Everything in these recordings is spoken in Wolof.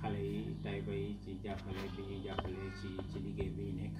xale yi Taïba yi ci jàppale bi ñuy jàppale ci ci liggéey bi ñu nekk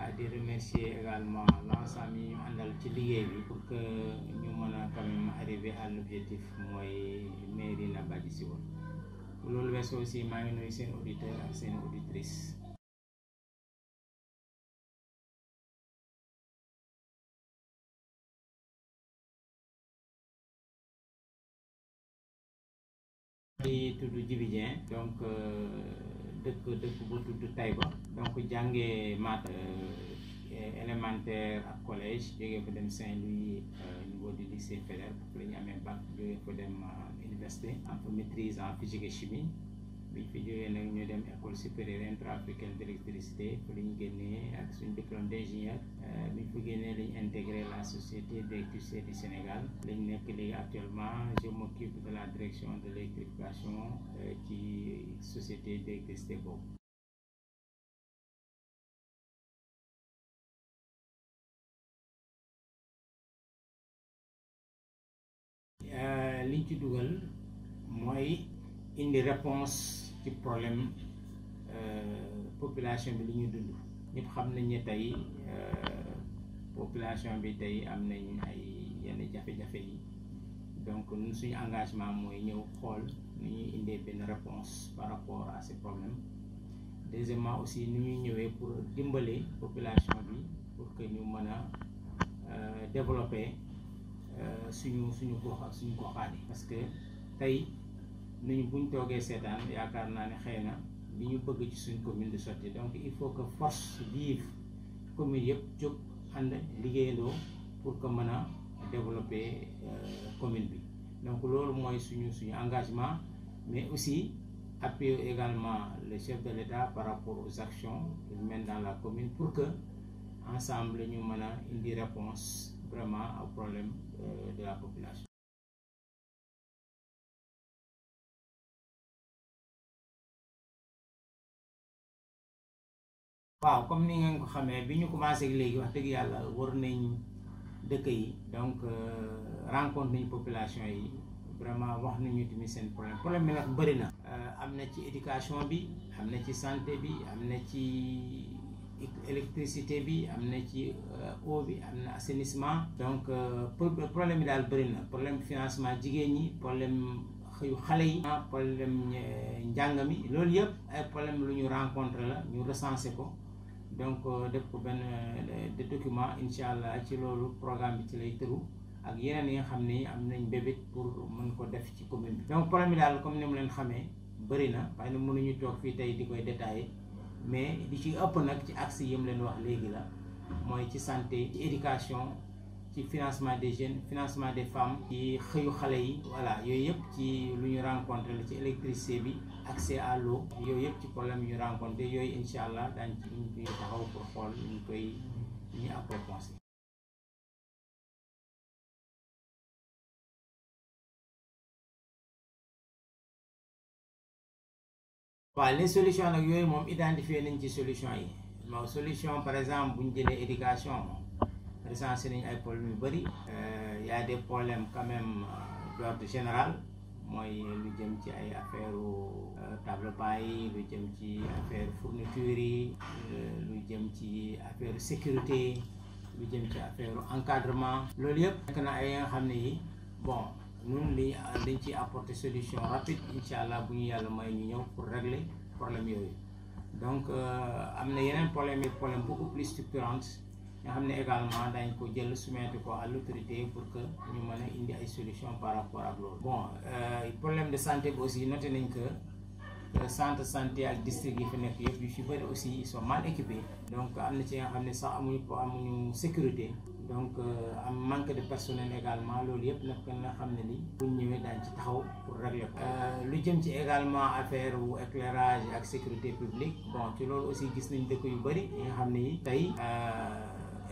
ah, di remercier également l'ensemble yi ñu àndal ci liggéey bi pour que ñu mën a quand même arriver à l'objectif mooy mairie Nabadji Civol loolu weesoo aussi maa ngi nuyu seen auditeur ak seen auditrice tudd Djibi Dieng donc euh, dëkk dëkk bu tudd tayba donc jàngee maat euh, élémentaire ak collège jógee ko dem Saint-Louis euh, niveau du lycée Faidherbe pour la ñu amee bac jógee ko dem université en maîtrise en physique et chimie biñ fi jógee nag ñu dem école supérieure intra-africaine d'électricité fa la ñu génnee ak suñ diplôme d'ingénieur euh, biñ fa génnee lañ intégré la société d'électricité du Sénégal lañ nekk léegi actuellement je m'occupe de la direction de l'électrification euh, ci société d'électricité boobu euh, liñ ci dugal mooy indi réponse ci problème euh, population bi lu ñuy dund ñëpp xam nañ ne tey euh, population bi tey am nañ ay yenn jafe-jafe yi donc ñun suñu engagement mooy ñëw xool nu ñuy indee benn réponse par rapport à ces problèmes deuxièmement aussi nu ñuy ñëwee pour dimbale population bi pour que ñu mën a euh, développer suñu suñu gox ak suñu goxaat yi parce que tey nañu buñ toogee seetaan yaakaar naa ne xëy na li ñu bëgg ci suñ commune de sotti donc il faut que force vive commune yëpp jóg ànd liggéeyandoo pour que mën a développer euh, commune bi donc loolu mooy suñu suñu engagement mais aussi appuyer également le chef de l'État par rapport aux actions qu'il mène dans la commune pour que ensemble ñu mën a indi réponse vraiment au problème euh, de la population waaw comme ni ngeen ko xamee bi ñu commencé léegi wax dëgg yàlla wër nañ dëkk yi donc euh, rencontre nañu population yi vraiment wax nañu tamit seen problème problème bi nag bëri na. Euh, am na ci éducation bi am na ci santé bi am na ci électricité bi am na ci euh, bi am na assainissement. donc problème bi daal bëri na problème financement jigéen ñi problème. xëyu xale yi ah, problème njàng mi loolu yëpp ay problème lu ñu rencontre la ñu recensé ko donc euh, def ko benn euh, de document incha allah ci loolu programme bi ci lay tëru ak yeneen yi nga xam ni am nañ bébét pour mun ko def ci commune bi. donc problème mi daal comme ni mu leen xamee bëri na waaye nag mënuñu toog fii tey di koy détaillé mais li ci ëpp nag ci axe yi mu leen wax léegi la mooy ci santé ci éducation. ci financement des jeunes financement des femmes ci xëyu xale yi voilà yooyu yëpp ci lu ñu rencontré la ci électricité bi accès à l'eau yooyu yëpp ci problème yu ñu yooyu incha allah daañ ci ñu koy taxaw pour xool ñu koy ñu approfondir waaw les solutions nag yooyu moom identifier nañ ci solution yi par exemple bu ñu jëlee éducation recensé nañu ay problèmes yu bëri y a des problèmes quand même euh, général mooy lu jëm ci ay affaire euh, table baay lu jëm ci affaire fourniture yi euh, lu jëm ci affaire sécurité lu jëm ci affaire encadrement loolu yëpp nekk na ay nga xam ne yi bon ñun li dañ ci apporter solution rapide incha allah bu ñu yàlla may ñu ñëw pour régler problème yooyu donc am na yeneen problème yi problème beaucoup plus structurant nga xam ne également dañ ko jël soumettre ko à l'autorité pour que ñu mën a indi ay solution par rapport ak loolu bon euh, problème de santé bi aussi noté nañ que euh, centre santé ak district yi fi nekk yëpp yu ci bëri aussi ils sont mal équipés donc am na nga xam ne sax amuñu amuñu sécurité donc euh, am manque de personnel également loolu yëpp nag nga xam ne ni pour ñëwee daañ ci taxaw pour régler ko lu jëm ci également affaire wu éclairage ak sécurité publique bon ci loolu aussi gis nañ dëkk yu bëri yi nga xam ne tey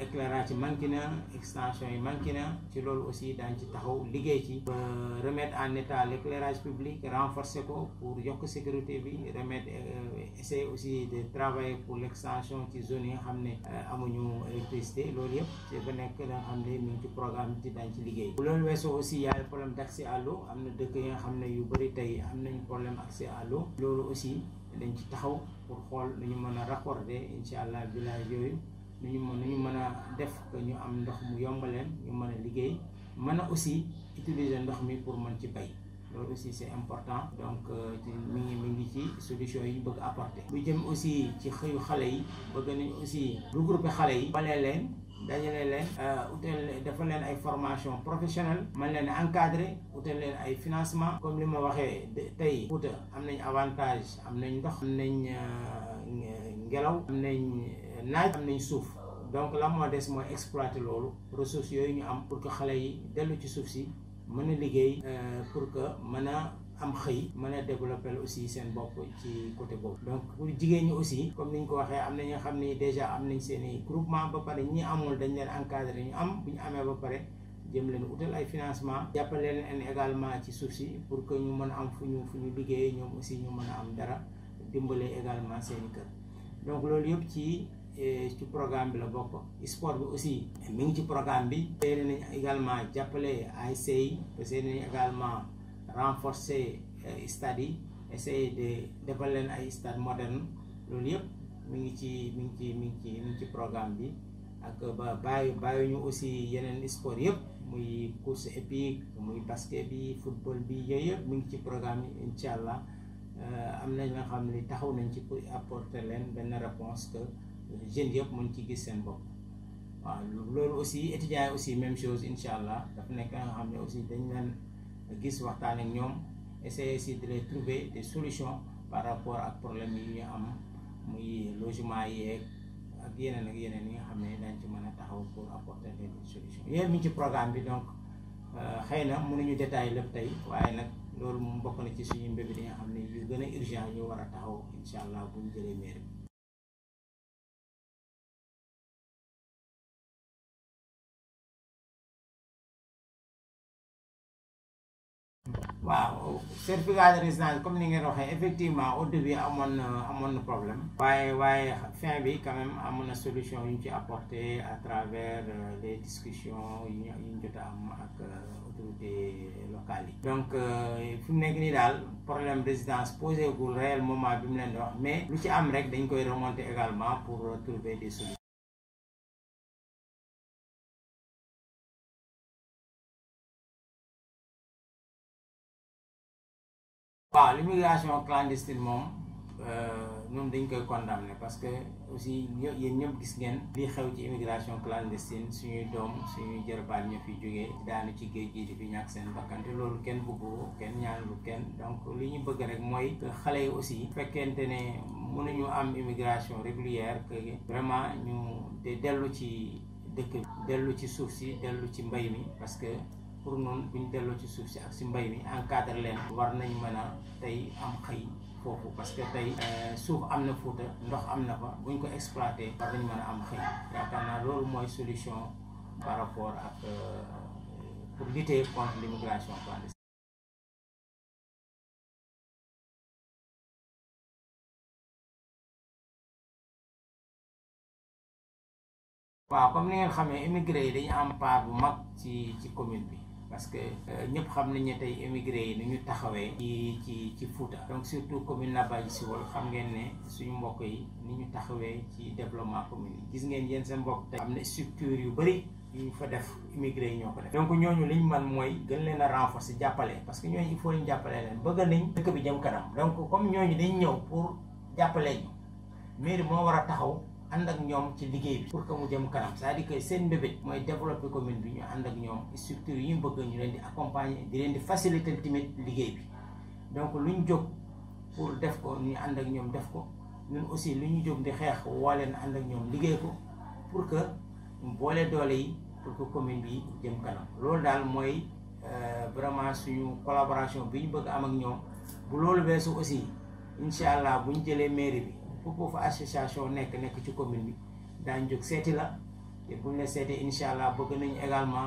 éclairage ci manqué na extension yi manqué na ci loolu aussi daañ ci taxaw liggéey ci euh, remettre en état l'éclairage public renforcer ko pour yokk sécurité bi remettre euh, essayer aussi de travailler pour l'extension ci zone yi nga xam ne euh, amuñu électricité loolu yëpp ci ba nekk la nga xam ne ñu ngi ci programme bi daañ ci liggéey bu loolu weesoo aussi y a problème d'accès à l'eau am na dëkk yi nga xam ne yu bëri tey am nañu problème accès à l'eau loolu aussi dañ ci taxaw pour xool lu ñu mën a raccorder incha allah village yooyu nu ñu mën nu ñu mën a def que ñu am ndox mu yombaleen ñu man a liggéey mën a aussi utiliser ndox mi pour man ci bay loolu aussi c'est important donc euh, mi ngi mi ngi ci solution yi ñu bëgg apporter. bu jëm aussi ci xëyu xale yi bëgg nañ aussi regrouper xale yi balee leen dajale leen euh, utal dafa leen ay formation professionnelle man leen encadrer utal leen ay financement comme li ma waxee tey Fouta am nañ avantage am nañ ndox am nañ euh, ngelaw am nañ naaj am nañ suuf donc la moo des mooy exploiter loolu ressources yooyu ñu am pour que xale yi dellu ci suuf si mën a liggéey euh, pour que mën a am xëy mën a développer aussi seen bopp ci côté boobu donc pour jigéen ñi aussi comme ni ñu ko waxee am na xam ni déjà am nañ seeni i groupement ba pare ñi amul dañ leen encadré ñu am bu ñu amee ba pare jëm leen utal ay financement jàppale leen également ci suuf si pour que ñu mën a am fu ñu fu ñu liggéeyee ñoom aussi ñu mën a am dara dimbale également seen Eh, ci programme bi la bokk sport bi aussi mi ngi ci programme bi yéene nañ également jàppale ASC yi parce que nañ également renforcer eh, stades yi de defal leen ay stade moderne loolu yëpp mu ngi ci mu ngi ci mi ngi ci ci programme bi ak eh, ba bàyyi bàyyi ñu aussi yeneen sport yëpp muy course épique muy basket bi football bi yooyu yëpp mi ngi ci programme yi incha allah am na ñoo xam ni taxaw nañ ci pour apporter leen benn réponse que jeunes yëpp mën ci gis seen bopp waaw loolu aussi étudiants yi aussi même chose incha allah dafa nekk nga xam ne aussi dañ leen gis waxtaan ak ñoom essayer si de les trouver des solutions par rapport ak problème yi ñu am muy logement yeeg ak yeneen ak yeneen yi nga xam ne dañ ci mën a taxaw pour apporter des solutions yooyu mi ci programme bi donc euh, xëy na mënuñu détailler lépp tey waaye nag loolu moom mbokk na ci suñu mbébét yi nga xam ne yu gën a urgent ñu war a taxaw incha allah bu waaw certificat de résidence comme ni nga waxee effectivement au début amoon na amoon na problème waaye waaye fin bi quand amoon na solution yu ñu ci apporté à travers euh, les discussions yu ñu jot a am ak euh, autorités locales yi donc euh, fi mu nekk nii daal problème résidence posé gul réel moment bi mu leen di wax mais lu ci am rek dañ koy remonter également pour trouver des solutions waaw l'immigration clandestine moom euh, ñoom dañ koy condamner parce que aussi yéen ñëpp gis ngeen li xew ci immigration clandestine suñuy doom suñuy jërbaal ñu fi jógee daanu ci géej gi di fi ñàkk seen bakkan loolu kenn bëggu kenn ñaanlu kenn donc lu ñu bëgg rek mooy xale yi aussi fekkente ne mënuñu am immigration régulière que vraiment ñu de dellu ci dëkk dellu ci suuf si dellu ci mbay mi parce que pour noonu bu ñu delloo ci suuf si ak si mbay mi encadré leen war nañ mën a tey am xëy foofu parce que tey euh, suuf am na Fuuta ndox am na fa buñ ko exploité war nañ mën a am xëy yaakaar naa loolu mooy solution par rapport ak euh, pour lutter contre l'immigration clandestine comme ni ngeen xamee immigré yi dañu am part bu mag ci ci commune bi parce que euh, ñëpp xam nañ ne tey émigré yi ni ñu taxawee ci ci ci Fouta donc surtout commune Nabadji Civol xam ngeen ne suñu mbokk yi ni ñu taxawee ci développement commune yi gis ngeen yéen seen mbokk te am na structure yu bëri yu fa def immigré yi ñoo ko def donc ñooñu liñ man mooy gën leen a jàppale parce que ñooñu il faut ñu jàppale leen bëgg nañ dëkk bi jëm kanam donc comme ñooñu dañ ñëw pour jàppalee ñu mairie moo war a taxaw ànd ak ñoom ci liggéey bi pour que mu jëm kanam cest à seen mbébét mooy développer commune bi ñu ànd ak ñoom structure yi ñu bëgg ñu leen di accompagner di leen di faciliter tamit liggéey bi donc lu ñu jóg pour def ko ñu ànd ak ñoom def ko ñun aussi lu ñu jóg di xeex woo leen ànd ak ñoom liggéey ko pour que boole doole yi pour que commune bi jëm kanam loolu daal mooy euh, vraiment suñu collaboration bi ñu bëgg am ak ñoom bu loolu weesu aussi incha allah bu ñu jëlee mairie bi. foofu association nekk nekk ci commune bi daañ jóg seeti la te bu ñu la seetee incha allah bëgg nañu également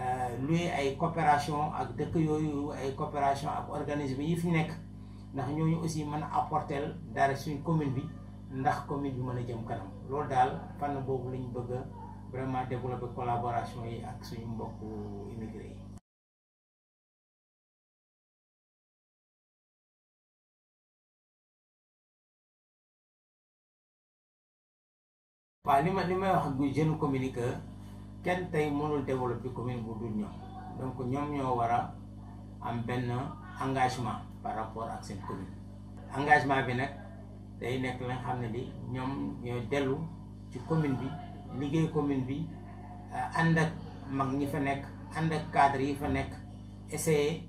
euh, luy ay coopération ak dëkk yooyu ay coopération ak organisme yi fi nekk ndax ñooñu aussi mën a apporter dara suñ commune bi ndax commune bi mën a jëm kanam loolu daal fànn boobu lañ bëgg a vraiment développer collaboration yi ak suñu mbokku immigré yi. waaw li ma li may wax guy bu jeune commune que kenn tey mënul développer commune bu dul ñoom donc ñoom ñoo war a am benn engagement par rapport ak seen commune engagement bi nag day nekk la nga xam ne li ñoom ñoo dellu ci commune bi liggéey commune bi euh, ànd ak mag ñi fa nekk ànd ak cadre yi fa nekk essayer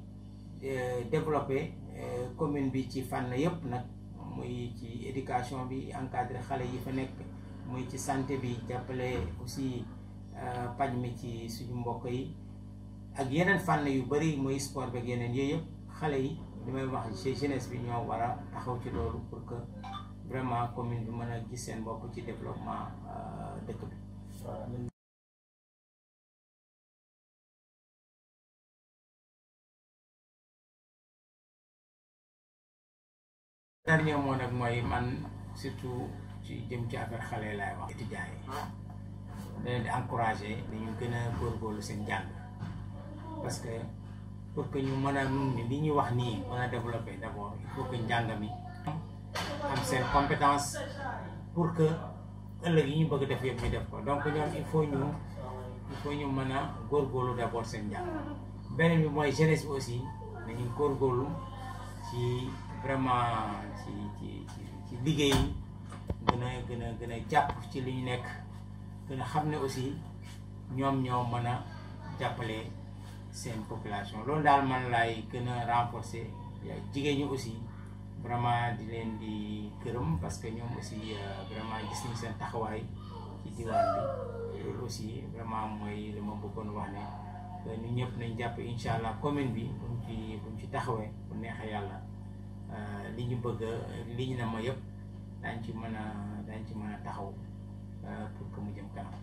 euh, développer euh, commune bi ci fànn yëpp nag muy ci éducation bi encadrer xale yi fa nekk muy ci santé bi jàppale aussi euh, paj mi ci suñu mbokk yi ak yeneen fànn yu bëri mooy sport beeg yeneen yooyu yëpp xale yi li may wax ci jeunesse bi ñoo war a xaw ci loolu pour que vraiment commune bi mën a gis seen bopp ci développement euh, dëkk bi. dernier mot surtout. ci jëm ci affaire xale laay wax étudiants yi ah. da leen di encouragé gën a góorgóorlu seen jàng parce que pour que ñu man a nun ni li ñuy wax nii mën a développé d' abord il faut que njàng mi am seen compétence pour que ëllëg yi ñu bëgg def yëpp ñu def ko donc ñoom il faut ñu il ñu mën a góorgóorlu d' abord seen njàng beneen bi mooy jeunesse bi aussi dañuy góorgóorlu ci vraiment ci ci ci liggéey gën a gën a gën a jàpp ci li ñu nekk gën a xam ne aussi ñoom ñoo mën a jàppale seen population loolu daal man laay gën a renforcer jigéen ñi aussi vraiment di leen di gërëm parce que ñoom aussi euh, vraiment gis nañu seen taxawaay ci diwaan aussi vraiment mooy li ma bëggoon wax ne ñu ñëpp nañ jàpp incha allah commune bi buñ ci ci taxawee bu neexee yàlla euh, li ñu bëgg li ñu ne ma yëpp daañ ci mën a daañ ci mën a taxaw euh, pour que mu jëm kanam